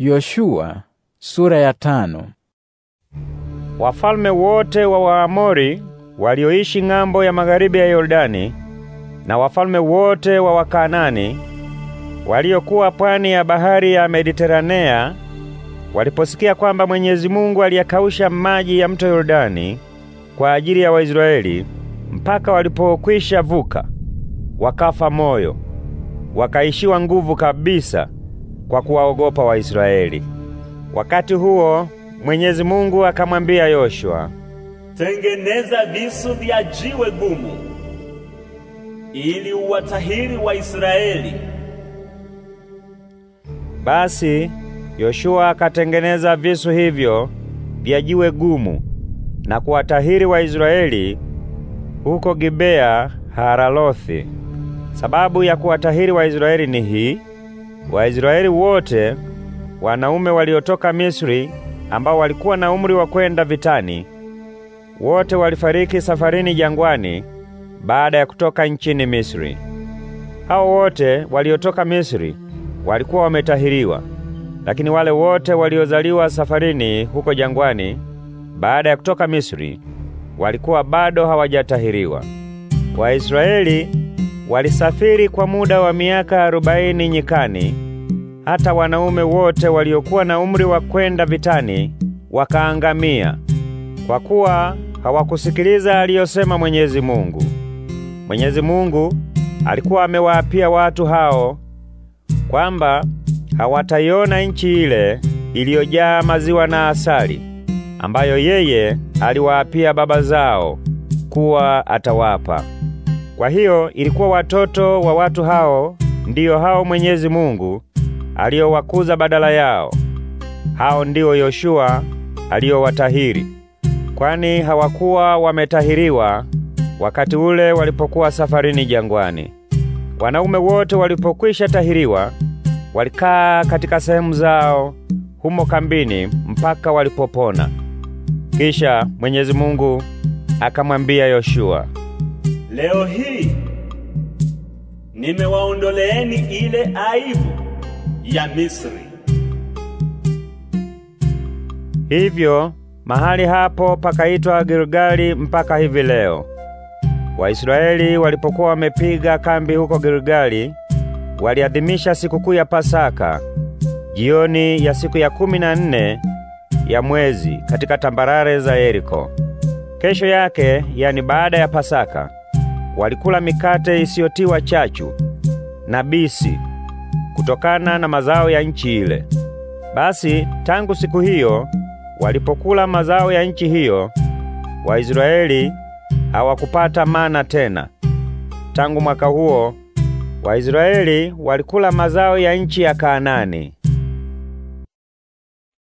Yoshua sura ya tano. Wafalme wote wa Waamori walioishi ng'ambo ya magharibi ya Yordani na wafalme wote wa Wakanani waliokuwa pwani ya bahari ya Mediteranea waliposikia kwamba Mwenyezi Mungu aliyakausha maji ya mto Yordani kwa ajili ya Waisraeli mpaka walipokwisha vuka, wakafa moyo, wakaishiwa nguvu kabisa kwa kuwaogopa Waisraeli. Wakati huo Mwenyezi Mungu akamwambia Yoshua, tengeneza visu vya jiwe gumu ili uwatahiri Waisraeli. Basi Yoshua akatengeneza visu hivyo vya jiwe gumu na kuwatahiri Waisraeli huko Gibea Haralothi. Sababu ya kuwatahiri Waisraeli ni hii: Waisraeli wote wanaume waliotoka Misri ambao walikuwa na umri wa kwenda vitani wote walifariki safarini jangwani baada ya kutoka nchini Misri. Hao wote waliotoka Misri walikuwa wametahiriwa, lakini wale wote waliozaliwa safarini huko jangwani baada ya kutoka Misri walikuwa bado hawajatahiriwa. Waisraeli Walisafiri kwa muda wa miaka arobaini nyikani, hata wanaume wote waliokuwa na umri wa kwenda vitani wakaangamia, kwa kuwa hawakusikiliza aliyosema Mwenyezi Mungu. Mwenyezi Mungu alikuwa amewaapia watu hao kwamba hawataiona nchi ile iliyojaa maziwa na asali ambayo yeye aliwaapia baba zao kuwa atawapa. Kwa hiyo ilikuwa watoto wa watu hao ndiyo hao Mwenyezi Mungu aliyowakuza badala yao. Hao ndio Yoshua aliyowatahiri, kwani hawakuwa wametahiriwa wakati ule walipokuwa safarini jangwani. Wanaume wote walipokwisha tahiriwa walikaa katika sehemu zao humo kambini mpaka walipopona. Kisha Mwenyezi Mungu akamwambia Yoshua, Leo hii nimewaondoleeni ile aibu ya Misri. Hivyo mahali hapo pakaitwa Gilgali mpaka hivi leo. Waisraeli walipokuwa wamepiga kambi huko Gilgali, waliadhimisha sikukuu ya Pasaka jioni ya siku ya kumi na nne ya mwezi katika tambarare za Yeriko. Kesho yake, yani baada ya Pasaka, walikula mikate isiyotiwa chachu na bisi kutokana na mazao ya nchi ile. Basi tangu siku hiyo walipokula mazao ya nchi hiyo, Waisraeli hawakupata mana tena. Tangu mwaka huo Waisraeli walikula mazao ya nchi ya kanani